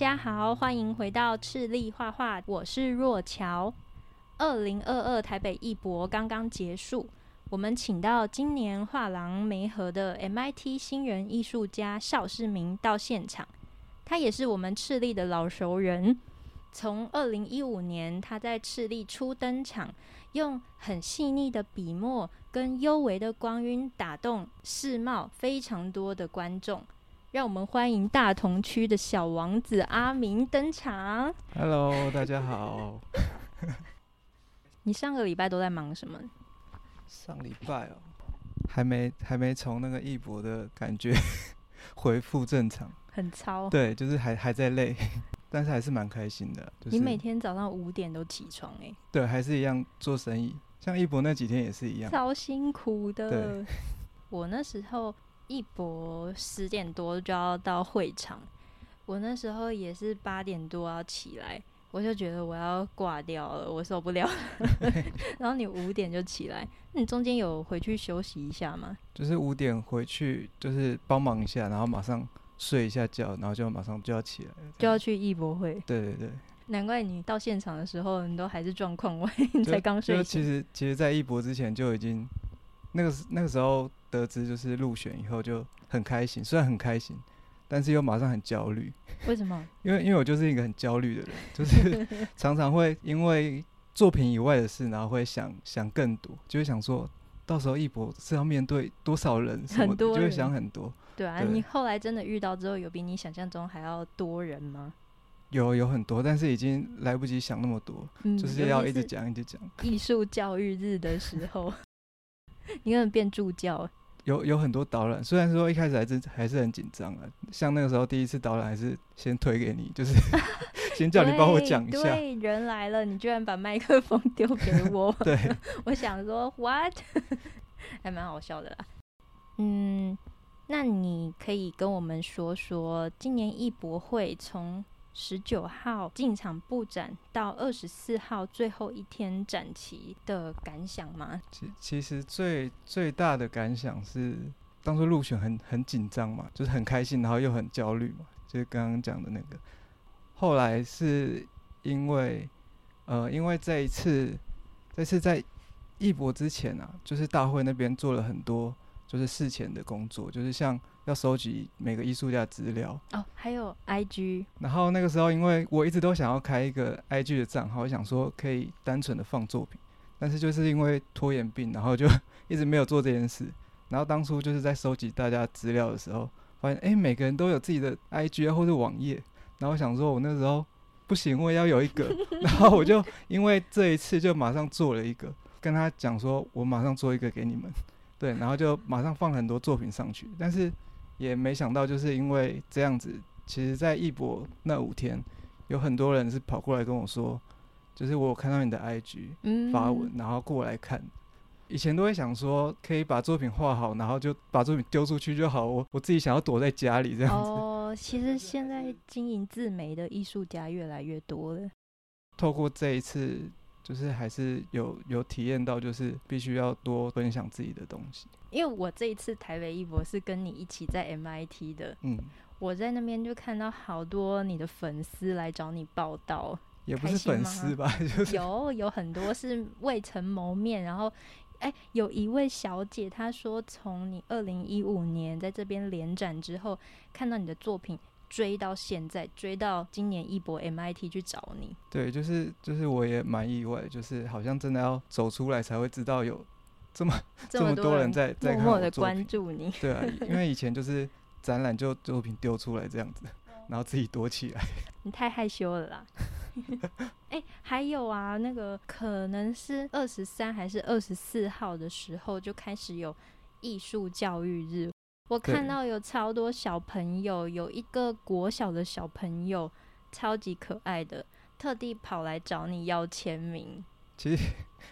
大家好，歡迎回到赤粒話畫，我是若喬。二零二二台北藝博剛剛結束，我們請到今年畫廊媒合的 MIT 新人藝術家邵士銘到現場，他也是我們赤粒的老熟人。從二零一五年他在赤粒初登場，用很細膩的筆墨跟幽微的光暈打動世貿非常多的觀眾。讓我們歡迎大同區的小王子阿明登場。Hello，大家好。 你上個禮拜都在忙什麼？上禮拜哦，還沒還沒從那個藝博的感覺恢 復正常，很超操。對，就是還還在累，但是還是蠻開心的。就是、你每天早上五點都起床哎、欸？對，還是一樣做生意，像藝博那幾天也是一樣，超辛苦的。對我那時候。藝博十點多就要到會場，我那時候也是八點多要起來，我就覺得我要掛掉了，我受不了了。 然後你五點就起來，你中間有回去休息一下嗎？就是五點回去，就是幫忙一下，然後馬上睡一下覺，然後就馬上就要起來，就要去藝博會。對對對，難怪你到現場的時候，你都還是狀況外，就 你才剛睡醒。其實其實，其實在藝博之前就已經。那個那個時候得知就是入選以後就很開心，雖然很開心，但是又馬上很焦慮。為什麼？因為因為我就是一個很焦慮的人，就是常常會因為作品以外的事，然後會想想更多，就會想說到時候藝博是要面對多少人，什麼多人就會想很多。對啊，對你後來真的遇到之後，有比你想象中還要多人嗎？有有很多，但是已經來不及想那麼多，嗯、就是要一直講一直講。藝術教育日的時候。 你可能變助教，有有很多導覽。雖然說一開始還是還是很緊張啊，像那個時候第一次導覽，還是先推給你，就是 先叫你幫我講一下 對對。人來了，你居然把麥克風丟給我。 對， 我想說 what， 還蠻好笑的啦。嗯，那你可以跟我們說說今年藝博會從十九號進場布展到二十四號最後一天展期的感想嗎？其其實最最大的感想是，當初入選很很緊張嘛，就是很開心，然後又很焦慮嘛，就是剛剛講的那個。後來是因為，呃，因為這一次，這次在藝博之前啊，就是大會那邊做了很多就是事前的工作，就是像。要收集每個藝術家資料哦，還有 IG。然後那個時候，因為我一直都想要開一個 IG 的賬號，想說可以單純的放作品，但是就是因為拖延病，然後就一直沒有做這件事。然後當初就是在收集大家資料的時候，發現哎、欸，每個人都有自己的 IG 或是網頁，然後我想說我那時候不行，我要有一個，然後我就因為這一次就馬上做了一個，跟他講說我馬上做一個給你們，對，然後就馬上放很多作品上去，但是。也沒想到，就是因為這樣子，其實，在藝博那五天，有很多人是跑過來跟我說，就是我有看到你的 IG，嗯，發文，然後過來看。以前都會想說，可以把作品畫好，然後就把作品丟出去就好。我我自己想要躲在家裡這樣子。哦，其實現在經營自媒的藝術家越來越多了。透過這一次。就是還是有有體驗到，就是必須要多分享自己的東西。因為我這一次台北藝博是跟你一起在 MIT 的，嗯，我在那邊就看到好多你的粉絲來找你報到，也不是粉絲吧， 就是有有很多是未曾謀面。 然後，哎、欸，有一位小姐她說，從你二零一五年在這邊聯展之後，看到你的作品。追到現在，追到今年藝博 MIT 去找你。對，就是就是，我也蠻意外，就是好像真的要走出來才會知道有這麼這麼，這麼多人在在默默的關注你。對啊，因為以前就是展覽就作品丟出來這樣子， 然後自己躲起來。你太害羞了啦。 欸，還有啊，那個可能是二十三還是二十四號的時候就開始有藝術教育日。我看到有超多小朋友，有一個國小的小朋友，超級可愛的，特地跑來找你要簽名。其實，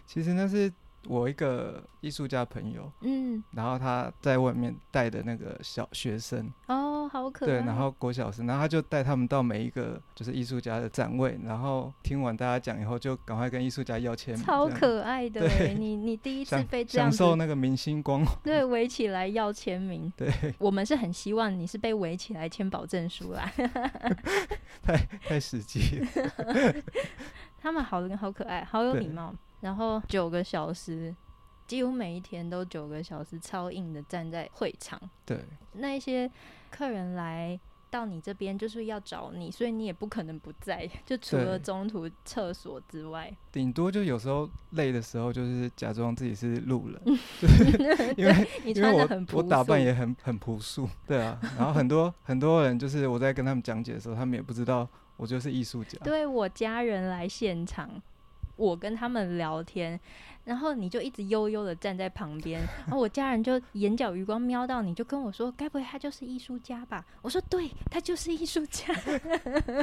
其實那是。我一個藝術家朋友，嗯，然後他在外面帶的那個小學生，哦，好可愛。對，然後國小生，然後他就帶他們到每一個就是藝術家的展位，然後聽完大家講以後，就趕快跟藝術家要簽名，超可愛的。對你你第一次被這樣享，享受那個明星光環，對，圍起來要簽名。 對，我們是很希望你是被圍起來簽保證書啦。 太太實際了。 他們好人好可愛，好有禮貌。然後九個小時，幾乎每一天都九個小時，超硬的站在會場。對，那一些客人來到你這邊，就是要找你，所以你也不可能不在，就除了中途廁所之外，頂多就有時候累的時候，就是假裝自己是路人， 對，因為你穿得很樸素，我打扮也很很樸素，對啊。然後很多 很多人就是我在跟他們講解的時候，他們也不知道我就是藝術家。對我家人來現場。我跟他們聊天，然後你就一直悠悠的站在旁邊，然後我家人就眼角餘光瞄到你，就跟我說：“該 不會他就是藝術家吧？”我說：“對，他就是藝術家。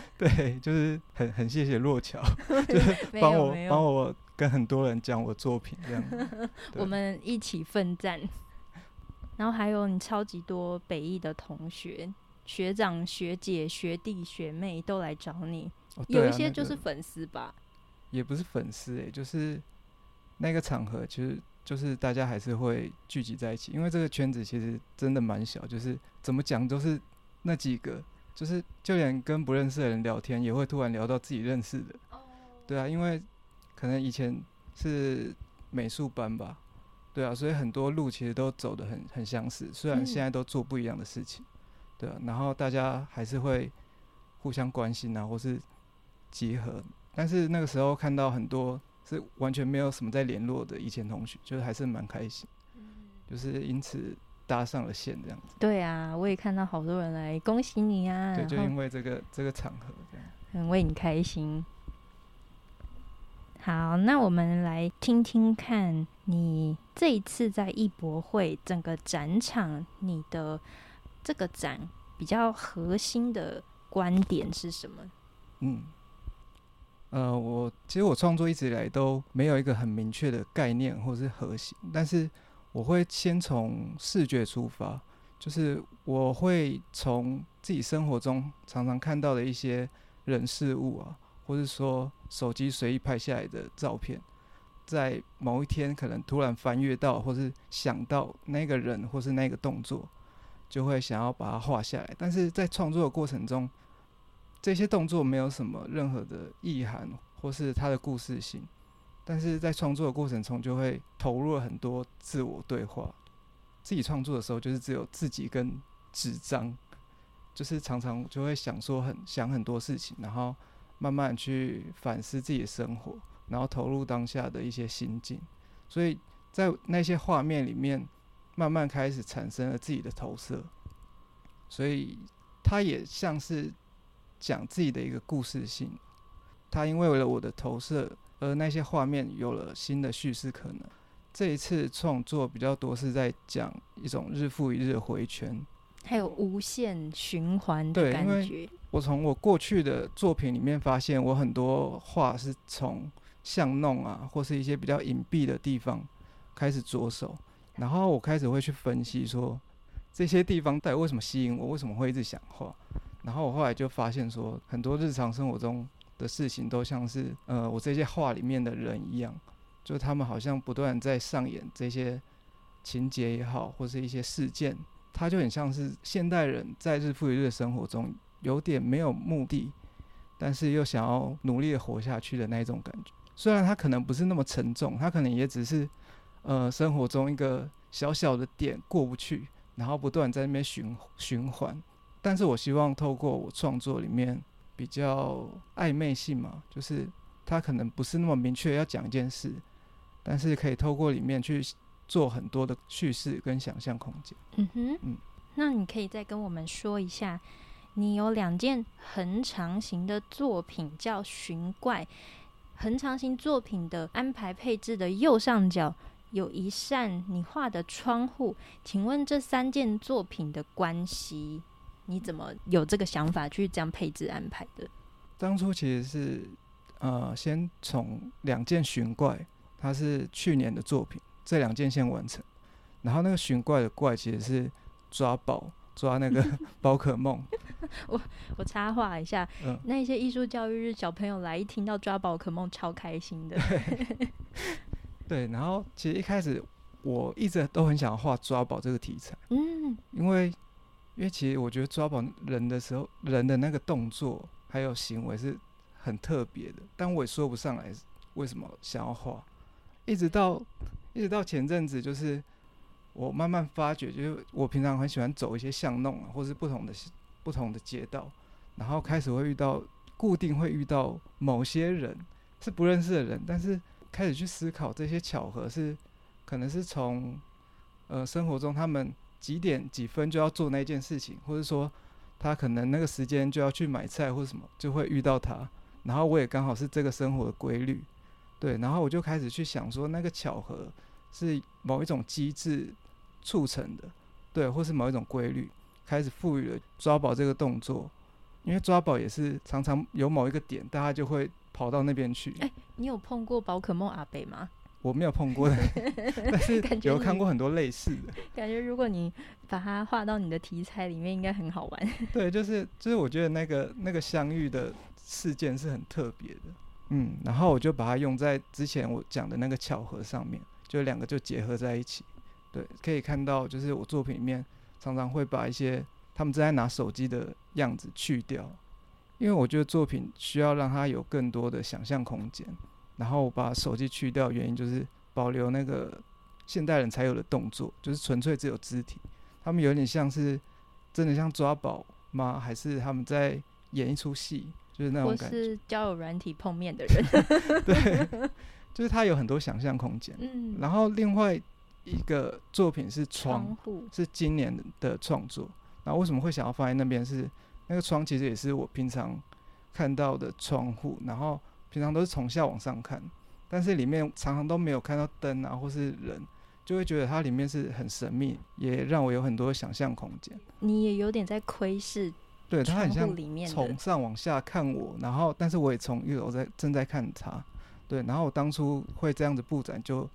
”對，就是很很謝謝洛橋， 就是幫我幫 我跟很多人講我作品這樣。 我們一起奮戰，然後還有你超級多北藝的同學、學長、學姐、學弟、學妹都來找你，哦對啊、有一些就是粉絲吧。那個，也不是粉絲誒、欸，就是那個場合，其實就是大家還是會聚集在一起，因為這個圈子其實真的蠻小，就是怎麼講都是那幾個，就是就連跟不認識的人聊天，也會突然聊到自己認識的。對啊，因為可能以前是美術班吧，對啊，所以很多路其實都走得很很相似，雖然現在都做不一樣的事情，對啊，然後大家還是會互相關心啊，或是集合。但是那個時候看到很多是完全沒有什麼在聯絡的以前同學，就是還是蠻開心，就是因此搭上了線這樣子。對啊，我也看到好多人來恭喜你啊。對，就因為這個哼這個場合這樣。很為你開心。好，那我們來聽聽看你這一次在藝博會整個展場，你的這個展比較核心的觀點是什麼？嗯。呃，我其實我創作一直以來都沒有一個很明確的概念或是核心，但是我會先從視覺出發，就是我會從自己生活中常常看到的一些人事物啊，或是說手機隨意拍下來的照片，在某一天可能突然翻閱到，或是想到那個人或是那個動作，就會想要把它畫下來。但是在創作的過程中。這些動作沒有什麼任何的意涵，或是它的故事性，但是在創作的過程中就會投入了很多自我對話。自己創作的時候，就是只有自己跟紙張，就是常常就會想說很想很多事情，然後慢慢去反思自己的生活，然後投入當下的一些心境。所以在那些畫面裡面，慢慢開始產生了自己的投射，所以它也像是。講自己的一個故事性，他因為為了我的投射，而那些畫面有了新的敘事可能。這一次創作比較多是在講一種日復一日的回圈，還有無限循環的感覺。對，因為我從我過去的作品裡面發現，我很多畫是從巷弄啊，或是一些比較隱蔽的地方開始着手，然後我開始會去分析說，這些地方到底為什麼吸引我，為什麼會一直想畫？然後我後來就發現，說很多日常生活中的事情都像是，呃，我這些畫裡面的人一樣，就他們好像不斷在上演這些情節也好，或是一些事件，他就很像是現代人在日復一日的生活中，有點沒有目的，但是又想要努力的活下去的那一種感覺。雖然他可能不是那麼沉重，他可能也只是，呃，生活中一個小小的點過不去，然後不斷在那邊循循環。但是我希望透過我創作裡面比較曖昧性嘛，就是他可能不是那麼明確要講一件事，但是可以透過裡面去做很多的敘事跟想象空間。嗯哼，嗯，那你可以再跟我們說一下，你有兩件橫長型的作品叫《尋怪》，橫長型作品的安排配置的右上角有一扇你畫的窗戶，請問這三件作品的關係？你怎麼有這個想法去這樣配置安排的？當初其實是呃，先從兩件尋怪，它是去年的作品，這兩件先完成。然後那個尋怪的怪其實是抓寶，抓那個寶可夢 我我插話一下，嗯、那一些藝術教育日小朋友來一聽到抓寶可夢，超開心的。對， 對，然後其實一開始我一直都很想畫抓寶這個題材，嗯，因為。因為其實我覺得抓捕人的時候，人的那個動作還有行為是很特別的，但我也說不上來為什麼想要畫。一直到一直到前陣子，就是我慢慢發覺，就是我平常很喜歡走一些巷弄啊，或是不同的不同的街道，然後開始會遇到，固定會遇到某些人，是不認識的人，但是開始去思考這些巧合是，可能是從呃生活中他們。幾點幾分就要做那件事情，或者說他可能那個時間就要去買菜或什麼，就會遇到他。然後我也剛好是這個生活的規律，對。然後我就開始去想說，那個巧合是某一種機制促成的，對，或是某一種規律開始賦予了抓寶這個動作。因為抓寶也是常常有某一個點，大家就會跑到那邊去。哎、欸，你有碰過寶可夢阿北嗎？我沒有碰過的， 但是有看過很多類似的。感覺，感覺如果你把它畫到你的題材裡面，應該很好玩。對，就是就是，我覺得那個那個相遇的事件是很特別的。嗯，然後我就把它用在之前我講的那個巧合上面，就兩個就結合在一起。對，可以看到，就是我作品裡面常常會把一些他們正在拿手機的樣子去掉，因為我覺得作品需要讓它有更多的想象空間。然後我把手機去掉，原因就是保留那個現代人才有的動作，就是純粹只有肢體。他們有點像是真的像抓寶嗎？還是他們在演一出戲？就是那種感覺。我是交友軟體碰面的人， 對， 就是他有很多想象空間。嗯。然後另外一個作品是窗，窗戶，是今年的創作。那為什麼會想要放在那邊是？是那個窗其實也是我平常看到的窗戶，然後。平常都是從下往上看，但是裡面常常都沒有看到燈啊，或是人，就會覺得它裡面是很神秘，也讓我有很多想象空間。你也有點在窺視，對，它很像從上往下看我，然後，但是我也從，一樓在正在看它，對，然後我當初會這樣子布展，就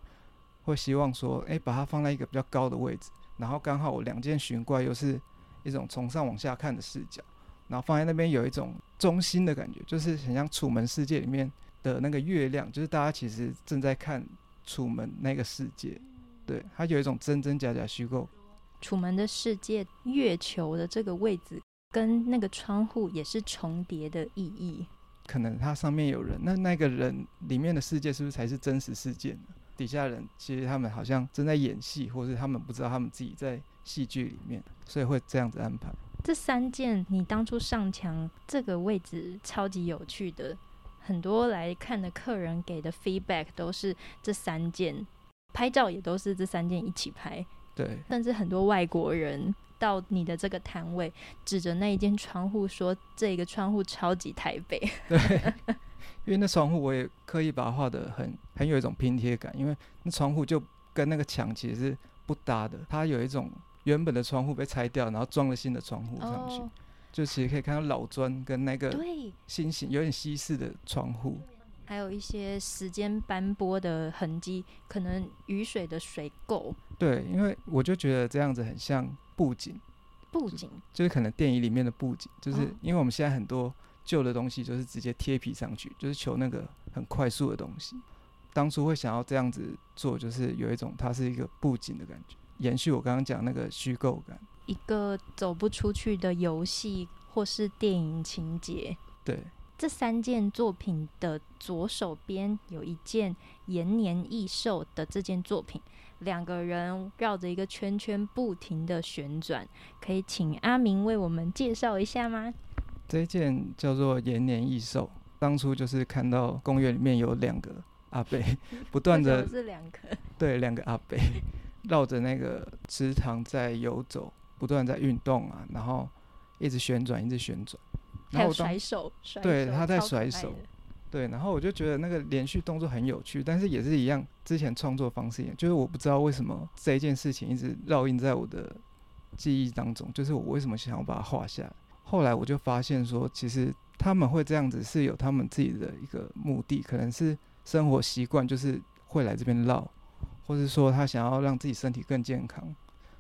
會希望說，哎、欸，把它放在一個比較高的位置，然後剛好我兩件懸掛又是一種從上往下看的視角。然後放在那邊有一種中心的感覺，就是很像《楚門世界》裡面的那個月亮，就是大家其實正在看楚門那個世界，對，它有一種真真假假、虛構。楚門的世界，月球的這個位置跟那個窗戶也是重疊的意義。可能它上面有人，那那個人裡面的世界是不是才是真實世界呢？底下人其實他們好像正在演戲，或是他們不知道他們自己在戲劇裡面，所以會這樣子安排。這三件你當初上牆這個位置超級有趣的，很多來看的客人給的 feedback 都是這三件，拍照也都是這三件一起拍。對，甚至很多外國人到你的這個攤位，指着那一間窗戶說：“這個窗戶超級台北。”對， 因為那窗戶我也刻意把它畫得很很有一種拼貼感，因為那窗戶就跟那個牆其實是不搭的，它有一種。原本的窗戶被拆掉，然後裝了新的窗戶上去，哦、就其實可以看到老磚跟那個新型有點西式的窗戶，還有一些時間斑駁的痕跡，可能雨水的水垢。對，因為我就覺得這樣子很像布景，布景警就，就是可能電影裡面的布景，就是因為我們現在很多舊的東西就是直接貼皮上去，就是求那個很快速的東西。當初會想要這樣子做，就是有一種它是一個布景的感覺。延續我剛剛講那個虛構感，一個走不出去的遊戲或是電影情節。對，這三件作品的左手邊有一件延年益壽的這件作品，兩個人繞着一個圈圈不停的旋轉，可以請阿明為我們介紹一下嗎？這一件叫做延年益壽，當初就是看到公園裡面有兩個阿伯 不斷的，是兩個對，兩個阿伯。繞着那個池塘在遊走，不斷在運動啊，然後一直旋轉，一直旋轉。然後甩手，甩手，對，他在甩手，對。然後我就覺得那個連續動作很有趣，但是也是一樣，之前創作的方式也，就是我不知道為什麼這一件事情一直烙印在我的記憶當中，就是我為什麼想要把它畫下來。後來我就發現說，其實他們會這樣子是有他們自己的一個目的，可能是生活習慣，就是會來這邊繞。或是說他想要讓自己身體更健康，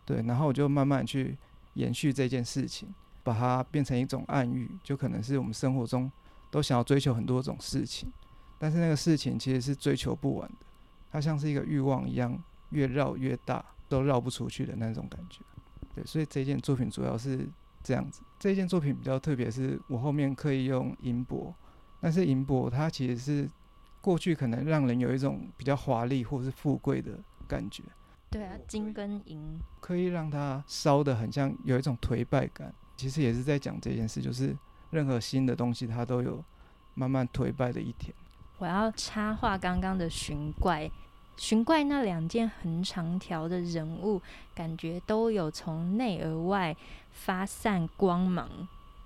對，然後我就慢慢去延續這件事情，把它變成一種暗喻，就可能是我們生活中都想要追求很多種事情，但是那個事情其實是追求不完的，它像是一個慾望一樣，越繞越大，都繞不出去的那種感覺，對，所以這件作品主要是這樣子。這件作品比較特別，是我後面刻意用銀箔，但是銀箔它其實是。過去可能讓人有一種比較華麗或是富貴的感覺，對啊，金跟銀可以讓它燒得很像有一種頹敗感。其實也是在講這件事，就是任何新的東西它都有慢慢頹敗的一天。我要插話剛剛的尋怪，尋怪那兩件橫長條的人物，感覺都有從內而外發散光芒，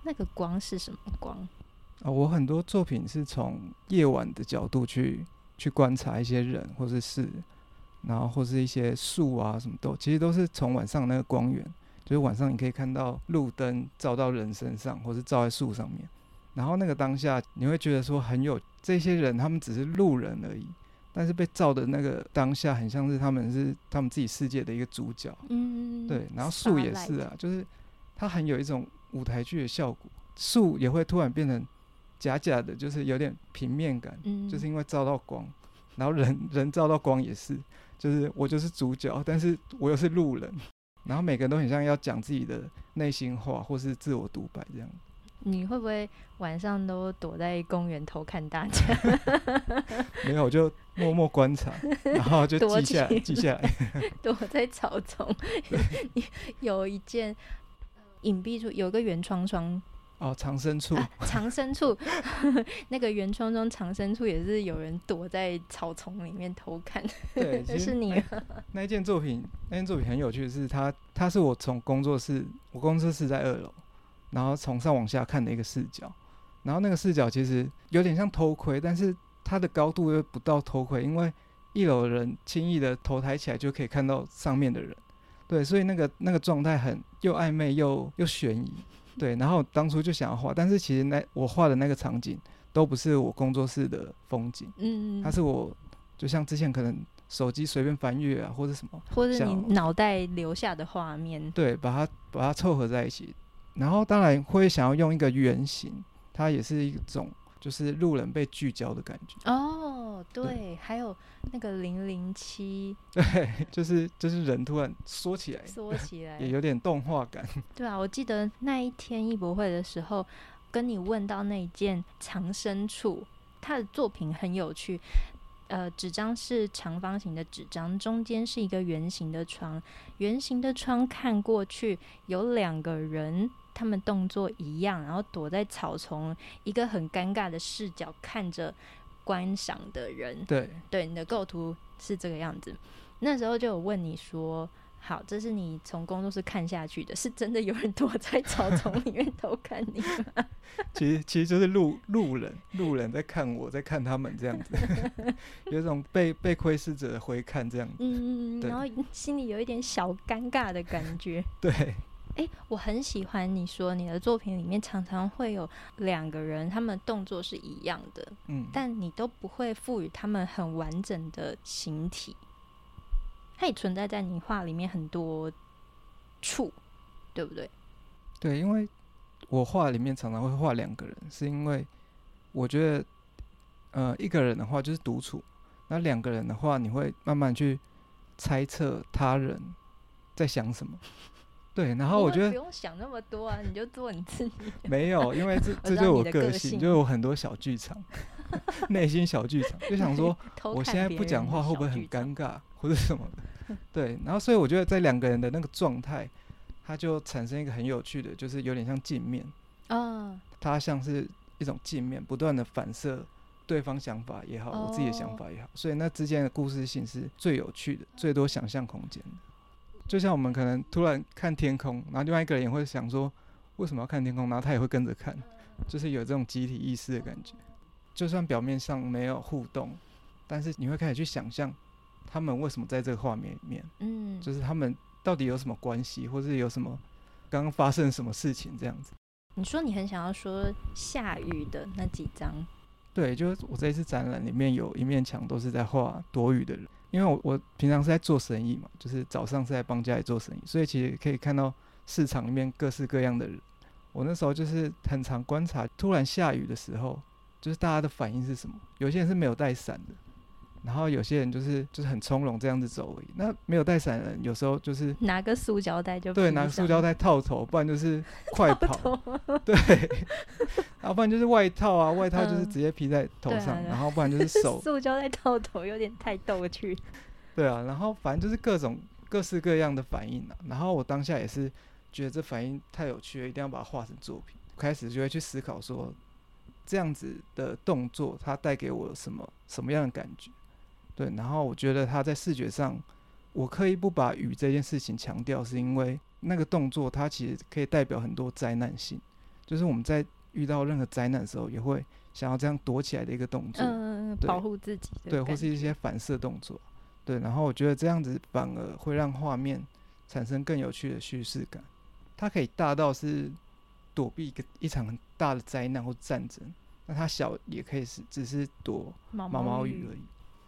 那個光是什麼光？啊，我很多作品是從夜晚的角度去去觀察一些人或是事，然後或是一些樹啊什麼都，都其實都是從晚上那個光源，就是晚上你可以看到路燈照到人身上，或是照在樹上面，然後那個當下你會覺得說很有這些人，他們只是路人而已，但是被照的那個當下，很像是他們是他們自己世界的一個主角，嗯，對，然後樹也是啊，就是它很有一種舞台劇的效果，樹也會突然變成。假假的，就是有點平面感，嗯，就是因為照到光，然後人人照到光也是，就是我就是主角，但是我又是路人，然後每個人都很像要講自己的內心話或是自我獨白這樣。你會不會晚上都躲在公園偷看大家？ 沒有，我就默默觀察，然後就記下記下來。下 躲在草叢， 有一件隱蔽處，有個圓窗窗。哦，藏身處，啊、藏身處， 那個原創中藏身處也是有人躲在草叢裡面偷看，對，就 是你、啊、那一件作品，那件作品很有趣的是它，它它是我從工作室，我工作室在二樓，然後從上往下看的一個視角，然後那個視角其實有點像偷窺，但是它的高度又不到偷窺，因為一樓的人輕易的頭抬起來就可以看到上面的人，對，所以那個那個狀態很又曖昧又又懸疑。對，然後當初就想要畫，但是其實那我畫的那個場景都不是我工作室的風景，嗯，它是我就像之前可能手機隨便翻閱啊，或者什麼，或者你腦袋留下的畫面，對，把它把它湊合在一起，然後當然會想要用一個圓形，它也是一種。就是路人被聚焦的感覺哦，對，對還有那個零零七，對，就是就是人突然縮起來，縮起來 也有點動畫感。對啊，我記得那一天藝博會的時候，跟你問到那一件藏身處，他的作品很有趣。呃，紙張是長方形的紙張，中間是一個圓形的窗，圓形的窗看過去有兩個人。他們動作一樣，然後躲在草叢，一個很尷尬的視角看着觀賞的人。對，對，你的構圖是這個樣子。那時候就有問你說：“好，這是你從工作室看下去的，是真的有人躲在草叢裡面偷看你嗎？” 其實，其實就是路路人路人在看我，在看他們這樣子， 有一種被被窺視者的回看這樣子。嗯，對然後心裡有一點小尷尬的感覺。對。欸，我很喜歡你說你的作品裡面常常會有兩個人，他們動作是一樣的，嗯，但你都不會賦予他們很完整的形體。它也存在在你畫裡面很多處，對不對？對，因為我畫裡面常常會畫兩個人，是因為我覺得，呃，一個人的話就是獨處，那兩個人的話，你會慢慢去猜測他人在想什麼。對，然後我覺得不用想那麼多啊，你就做你自己。 沒有，因為這這就是個性，我個性就是有很多小劇場，內 心小劇場，就想說，我現在不講話會不會很尷尬，或者什麼，對，然後所以我覺得在兩個人的那個狀態，它就產生一個很有趣的，就是有點像鏡面啊，哦、它像是一種鏡面，不斷的反射對方想法也好，我自己的想法也好，哦、所以那之間的故事性是最有趣的，最多想象空間的。就像我們可能突然看天空，然後另外一個人也會想說，為什麼要看天空？然後他也會跟着看，就是有這種集體意識的感覺。就算表面上沒有互動，但是你會開始去想象，他們為什麼在這個畫面裡面？嗯，就是他們到底有什麼關係，或是有什麼剛剛發生什麼事情這樣子。你說你很想要說下雨的那幾張？對，就是我這次展覽裡面有一面牆都是在畫躲雨的人。因為我我平常，是在做生意嘛，就是早上是在幫家裡做生意，所以其實可以看到市場裡面各式各樣的人。我那時候就是很常觀察，突然下雨的時候，就是大家的反應是什麼？有些人是沒有帶傘的。然後有些人就是就是很從容這樣子走而已。那沒有帶傘的人，有時候就是拿個塑膠袋就不對，拿個塑膠袋套頭，不然就是快跑。啊、對， 然後不然就是外套啊，外套就是直接披在頭上，嗯對啊、對，然後不然就是手 塑膠袋套頭有點太逗趣。對啊，然後反正就是各種各式各樣的反應啊。然後我當下也是覺得這反應太有趣了，一定要把它畫成作品。我開始就會去思考說，這樣子的動作它帶給我什麼什麼樣的感覺？對，然後我覺得它在視覺上，我刻意不把雨這件事情強調，是因為那個動作它其實可以代表很多災難性，就是我們在遇到任何災難的時候，也會想要這樣躲起來的一個動作，嗯，對保護自己，對，或是一些反射動作，對。然後我覺得這樣子反而會讓畫面產生更有趣的敘事感，它可以大到是躲避一個一場很大的災難或戰爭，那它小也可以是只是躲毛毛雨而已。毛毛雨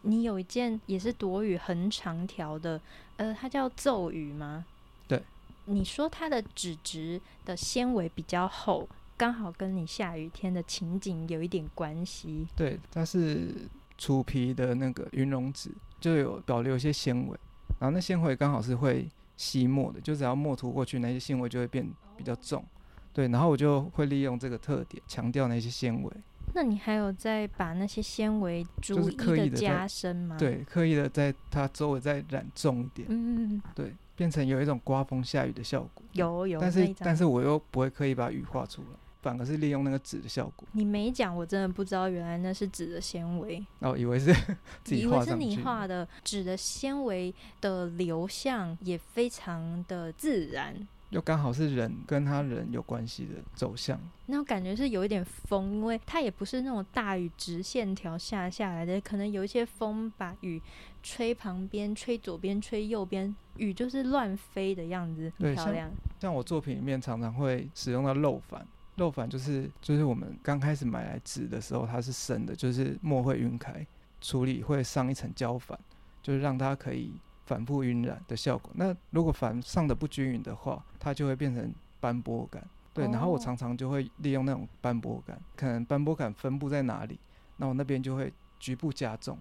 你有一件也是躲雨很長條的，呃，它叫咒語嗎？對，你說它的紙質的纖維比較厚，剛好跟你下雨天的情景有一點關係。對，它是楮皮的那個雲龍紙，就有保留一些纖維，然後那纖維剛好是會吸墨的，就只要墨塗過去，那些纖維就會變比較重。Oh. 對，然後我就會利用這個特點，強調那些纖維。那你還有在把那些纖維逐一的加深嗎？對，刻意的在它周圍再染重一點。嗯嗯，嗯對，變成有一種刮風下雨的效果。有有。有，但是但是我又不會刻意把雨畫出來，好反而是利用那個紙的效果。你沒講，我真的不知道，原來那是紙的纖維。哦，以為是呵呵自己畫上去。以為是你畫的紙的纖維的流向也非常的自然。又剛好是人跟他人有關係的走向，那種感覺是有一點風，因為它也不是那種大雨直線條下下來的，可能有一些風把雨吹旁邊、吹左邊、吹右邊，雨就是亂飛的樣子，很漂亮像。像我作品裡面常常會使用到漏礬，漏礬就是就是我們剛開始買來紙的時候，它是生的，就是墨會暈開，處理會上一層膠礬，就是讓它可以。反覆暈染的效果。那如果礬上的不均勻的話，它就會變成斑駁感。對，哦、然後我常常就會利用那種斑駁感，可能斑駁感分布在哪裡，那我那邊就會局部加重。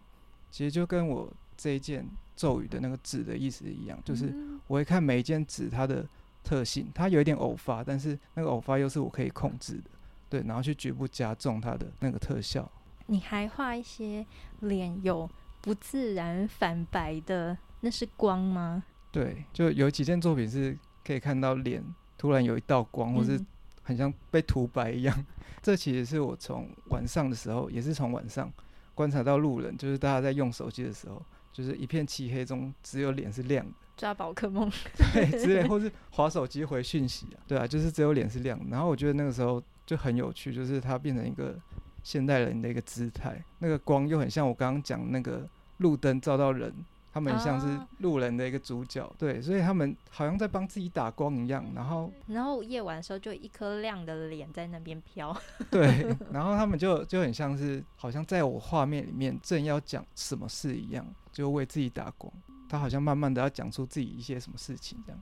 其實就跟我這一件咒語的那個紙的意思一樣，就是我會看每一件紙它的特性，嗯、它有一點偶發，但是那個偶發又是我可以控制的。對，然後去局部加重它的那個特效。你還畫一些臉有不自然反白的。那是光嗎？對，就有幾件作品是可以看到臉突然有一道光，或是很像被塗白一樣。嗯，這其實是我從晚上的時候，也是從晚上觀察到路人，就是大家在用手機的時候，就是一片漆黑中只有臉是亮的，抓寶可夢 對，只臉，或是滑手機回訊息啊，對啊，就是只有臉是亮的。然後我覺得那個時候就很有趣，就是它變成一個現代人的一個姿態，那個光又很像我剛剛講那個路燈照到人。他們像是路人的一個主角，哦、對，所以他們好像在幫自己打光一樣。然後，然後夜晚的時候，就一顆亮的臉在那邊飄。對， 然後他們就就很像是，好像在我畫面裡面正要講什麼事一樣，就為自己打光。他好像慢慢的要講出自己一些什麼事情這樣。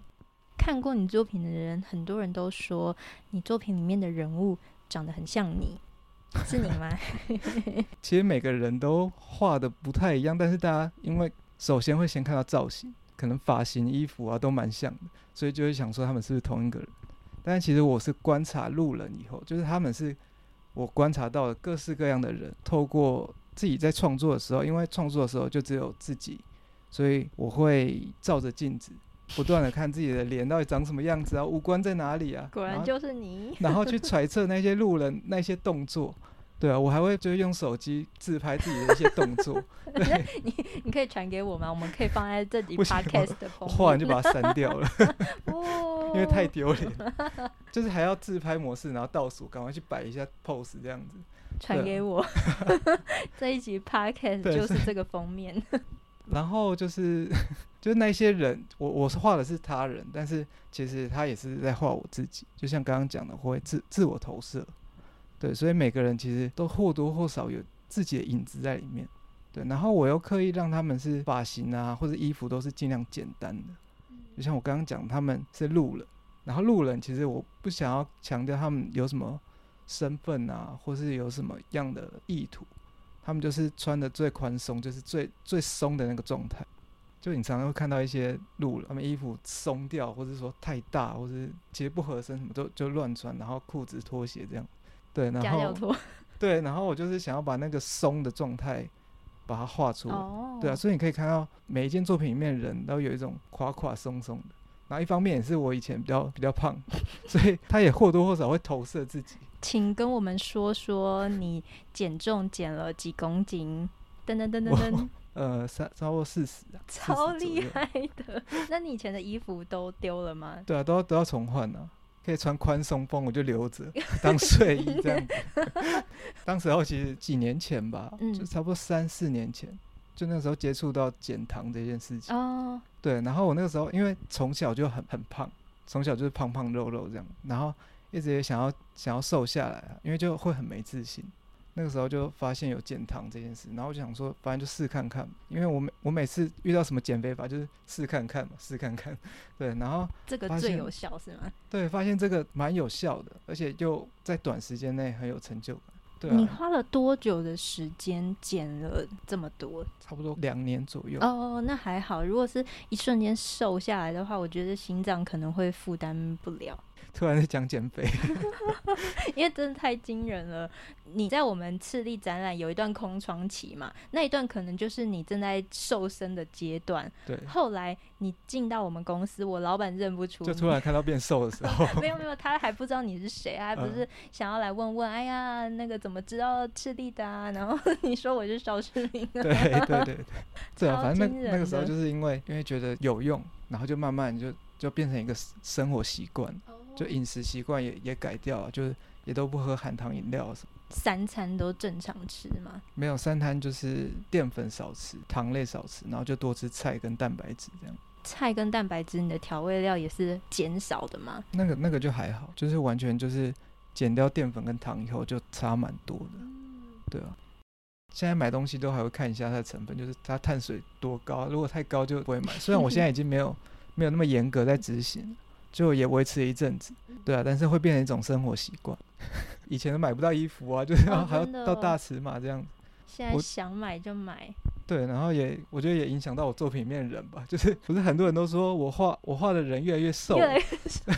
看過你作品的人，很多人都說你作品裡面的人物長得很像你，是你嗎？ 其實每個人都畫得不太一樣，但是大家因為。首先會先看到造型，可能髮型、衣服啊都蠻像的，所以就會想說他們是不是同一個人？但其實我是觀察路人以後，就是他們是我觀察到的各式各樣的人。透過自己在創作的時候，因為創作的時候就只有自己，所以我會照着鏡子，不斷的看自己的臉到底長什麼樣子啊，五官 在哪裡啊。果然就是你。然後，然後去揣測那些路人 那些動作。對啊，我還會就是用手機自拍自己的一些動作， 對你你可以傳給我嗎？我們可以放在這裡 podcast 的封面，我我畫完就把它刪掉了， 因為太丟臉， 就是還要自拍模式，然後倒數，趕快去擺一下 pose 這樣子，傳、啊、給我 這一集 podcast 就是這個封面。然後就是就是那些人，我我是畫的是他人，但是其實他也是在畫我自己，就像剛剛講的，會自自我投射。對，所以每個人其實都或多或少有自己的影子在裡面。對，然後我又刻意讓他們是髮型啊或者衣服都是盡量簡單的，就像我剛剛講，他們是路人。然後路人其實我不想要強調他們有什麼身份啊，或是有什麼樣的意圖，他們就是穿得最寬鬆，就是最最鬆的那個狀態。就你常常會看到一些路人，他們衣服鬆掉，或者說太大，或是其實不合身，什麼都就亂穿，然後褲子拖鞋這樣。對，然後對，然後我就是想要把那個鬆的狀態，把它畫出來。哦、對啊，所以你可以看到每一件作品裡面人都有一種垮垮鬆鬆的。然後一方面也是我以前比較比較胖， 所以他也或多或少會投射自己。請跟我們說說你減重減了幾公斤？噔噔噔噔噔。呃，三、超過四十啊，超厲害的。 那你以前的衣服都丟了嗎？對啊，都要都要重換呢、啊。可以穿寬鬆風，我就留着當睡衣這樣子。子 當時候其實幾年前吧，嗯、就差不多三四年前，就那個時候接觸到減糖這件事情、哦、對。然後我那個時候因為從小就很很胖，從小就是胖胖肉肉這樣，然後一直也想要想要瘦下來，因為就會很沒自信。那個時候就發現有減糖這件事，然後我就想說，反正就試看看，因為我每我每次遇到什麼減肥法，就是試看看嘛，試看看，對。然後這個最有效是嗎？對，發現這個蠻有效的，而且就在短時間內很有成就感。對啊，你花了多久的時間減了這麼多？差不多兩年左右。哦，oh, 那還好。如果是一瞬間瘦下來的話，我覺得心臟可能會負擔不了。突然在講減肥，因為真的太驚人了。你在我們赤粒展覽有一段空窗期嘛？那一段可能就是你正在瘦身的階段。對。後來你進到我們公司，我老闆認不出，就突然看到變瘦的時候， 沒有沒有，他還不知道你是誰啊，不是想要來問問，哎呀，那個怎麼知道赤粒的啊？然後你說我是邵士銘，對對對對，這 人反正那那個時候就是因為因為覺得有用，然後就慢慢就就變成一個生活習慣。就飲食習慣也也改掉了，就是也都不喝含糖飲料，什麼三餐都正常吃嗎？沒有三餐就是澱粉少吃，糖類少吃，然後就多吃菜跟蛋白質這樣。菜跟蛋白質，你的調味料也是減少的嗎？那個那個就還好，就是完全就是減掉澱粉跟糖以後就差蠻多的，嗯、對啊。現在買東西都還會看一下它的成分，就是它碳水多高，如果太高就不會買。雖然我現在已經沒有 沒有那麼嚴格在執行。就也維持一陣子，對啊，但是會變成一種生活習慣。 以前都買不到衣服啊，就是要還要到大尺碼這樣子。現在想買就買。對，然後也我覺得也影響到我作品裡面的人吧，就是不是很多人都說我畫我畫的人越來越瘦，越來越瘦。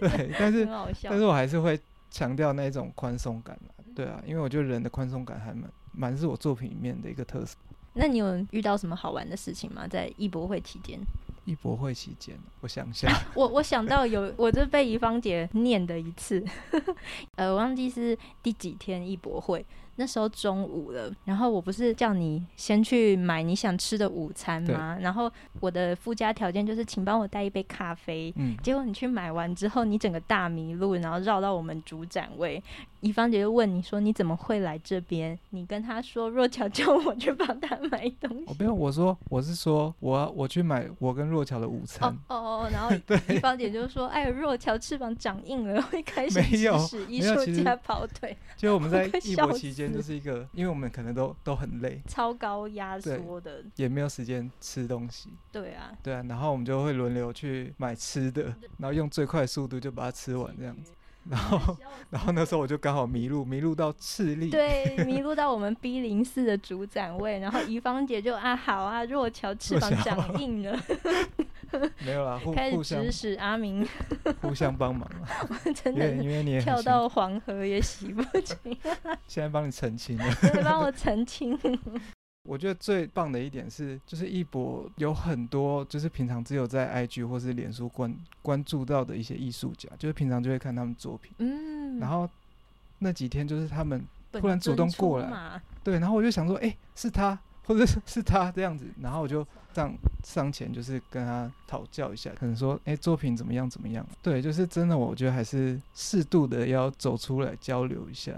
對，但是但是我還是會強調那一種寬鬆感嘛，對啊，因為我覺得人的寬鬆感還蠻蠻是我作品裡面的一個特色。那你有遇到什麼好玩的事情嗎？在藝博會期間？一博會期間，我想想，我我想到有 我這被怡芳姐念的一次， 呃，忘記是第幾天藝博會，那時候中午了，然後我不是叫你先去買你想吃的午餐嗎？對然後我的附加條件就是請幫我帶一杯咖啡。嗯，結果你去買完之後，你整個大迷路，然後繞到我們主展位。怡芳姐就問你說：“你怎麼會來這邊？”你跟她說：“若橋叫我去幫他買東西。”哦，沒有，我說我是說，我要我去買我跟若橋的午餐。哦哦哦，然後怡芳姐就說：“ 對哎，若橋翅膀長硬了，會開始使藝術家跑腿。”就我們在藝博期間就是一個，因為我們可能都都很累，超高壓縮的，也沒有時間吃東西。對啊，對啊，然後我們就會輪流去買吃的，對然後用最快速度就把它吃完，這樣子。然後，嗯、然後那時候我就剛好迷路，迷路到赤粒，對，迷路到我們 B 零四的主展位。 然後怡芳姐就啊，好啊，若喬翅膀長硬了，喬 沒有啦，互開始指使阿明相， 互相幫忙， 真的因，因為你跳到黃河也洗不清，啊。 現在幫你澄清了， 幫我澄清。 我覺得最棒的一點是，就是藝博有很多就是平常只有在 IG 或是臉書關關注到的一些藝術家，就是平常就會看他們作品，嗯，然後那幾天就是他們突然主動過來，對，然後我就想說，欸，是他，或者是是他這樣子，然後我就這樣上前就是跟他討教一下，可能說，欸，作品怎麼樣怎麼樣，對，就是真的，我覺得還是適度的要走出來交流一下。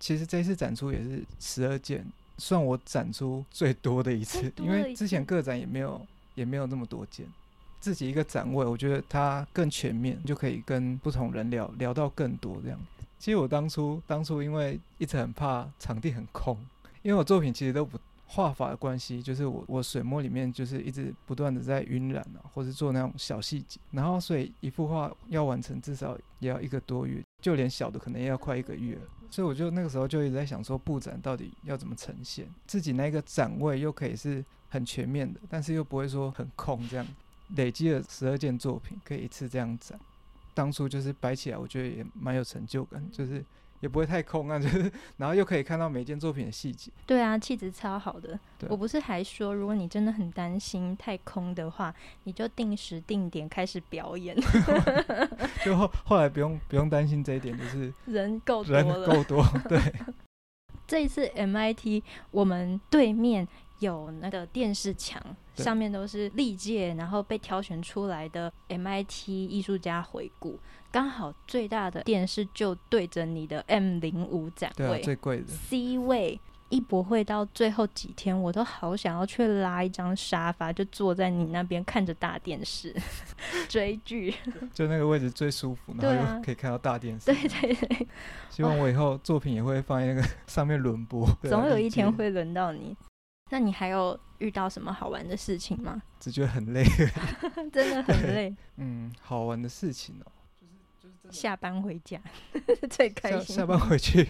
其實這一次展出也是十二件。算我展出最多的一次，一次因為之前個展也沒有也沒有那麼多件。自己一個展位，我覺得它更全面，就可以跟不同人聊聊到更多這樣。其實我當初當初因為一直很怕場地很空，因為我作品其實都不畫法的關係，就是我我水墨裡面就是一直不斷的在暈染啊，或是做那種小細節，然後所以一幅畫要完成至少也要一個多月。就連小的可能也要快一個月，所以我就那個時候就一直在想說，佈展到底要怎麼呈現，自己那個展位又可以是很全面的，但是又不會說很空這樣。累積了十二件作品，可以一次這樣展，當初就是擺起來，我覺得也蠻有成就感，就是。也不會太空啊，就是，然後又可以看到每件作品的細節。對啊，氣質超好的。對我不是還說，如果你真的很擔心太空的話，你就定時定點開始表演。 就後，後來不用不用擔心這一點，就是人夠多了，人夠多。對，這一次 MIT 我們對面有那個電視牆。對上面都是歷屆然後被挑選出來的 MIT 藝術家回顧，剛好最大的電視就對着你的 M 零五展位，啊、最貴的 C 位。藝博會到最後幾天，我都好想要去拉一張沙發，就坐在你那邊看着大電視 追劇劇，就那個位置最舒服，然後又可以看到大電視。對，啊、對對對，希望我以後作品也會放在那個上面輪播，啊、總有一天會輪到你。對那你還有？遇到什麼好玩的事情嗎？只覺得很累，真的很累。嗯，好玩的事情哦，就是就是下班回家最開心。下班回去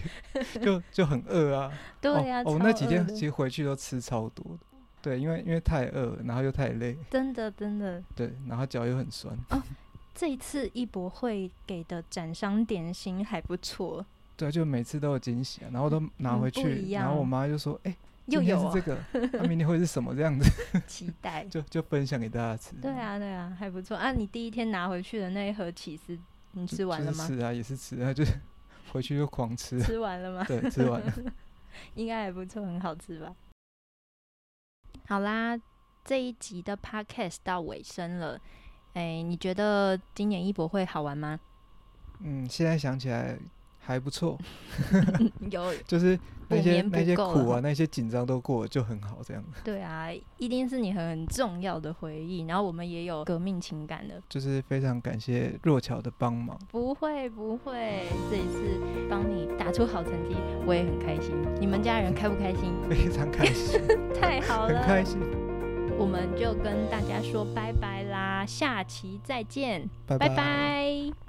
就就很餓啊。對啊，我那幾天其實回去都吃超多的。對，因為因為太餓了，然後又太累，真的真的。對，然後腳又很酸。哦，這次藝博會給的展商點心還不錯。對，就每次都有驚喜，然後都拿回去，然後我媽就說：“哎。”又是這個、啊，那明天會是什麼這樣子？ 期待。 就就分享給大家吃，嗯。對啊，對啊，還不錯啊！你第一天拿回去的那一盒起司，其實你吃完了嗎？吃啊，也是吃啊，就是回去就狂吃。 吃完了嗎？對，吃完了。 應該還不錯，很好吃吧？好啦，這一集的 podcast 到尾聲了。哎，你覺得今年藝博會好玩嗎？嗯，現在想起來。還不錯， 有 就是那些不不那些苦啊，那些緊張都過了就很好，這樣。對啊，一定是你很重要的回憶。然後我們也有革命情感的，就是非常感謝若喬的幫忙。不會不會，這一次幫你打出好成績，我也很開心。嗯、你們家人開不開心？非常開心， 太好了， 很開心。我們就跟大家說拜拜啦，下期再見，拜拜 bye。Bye bye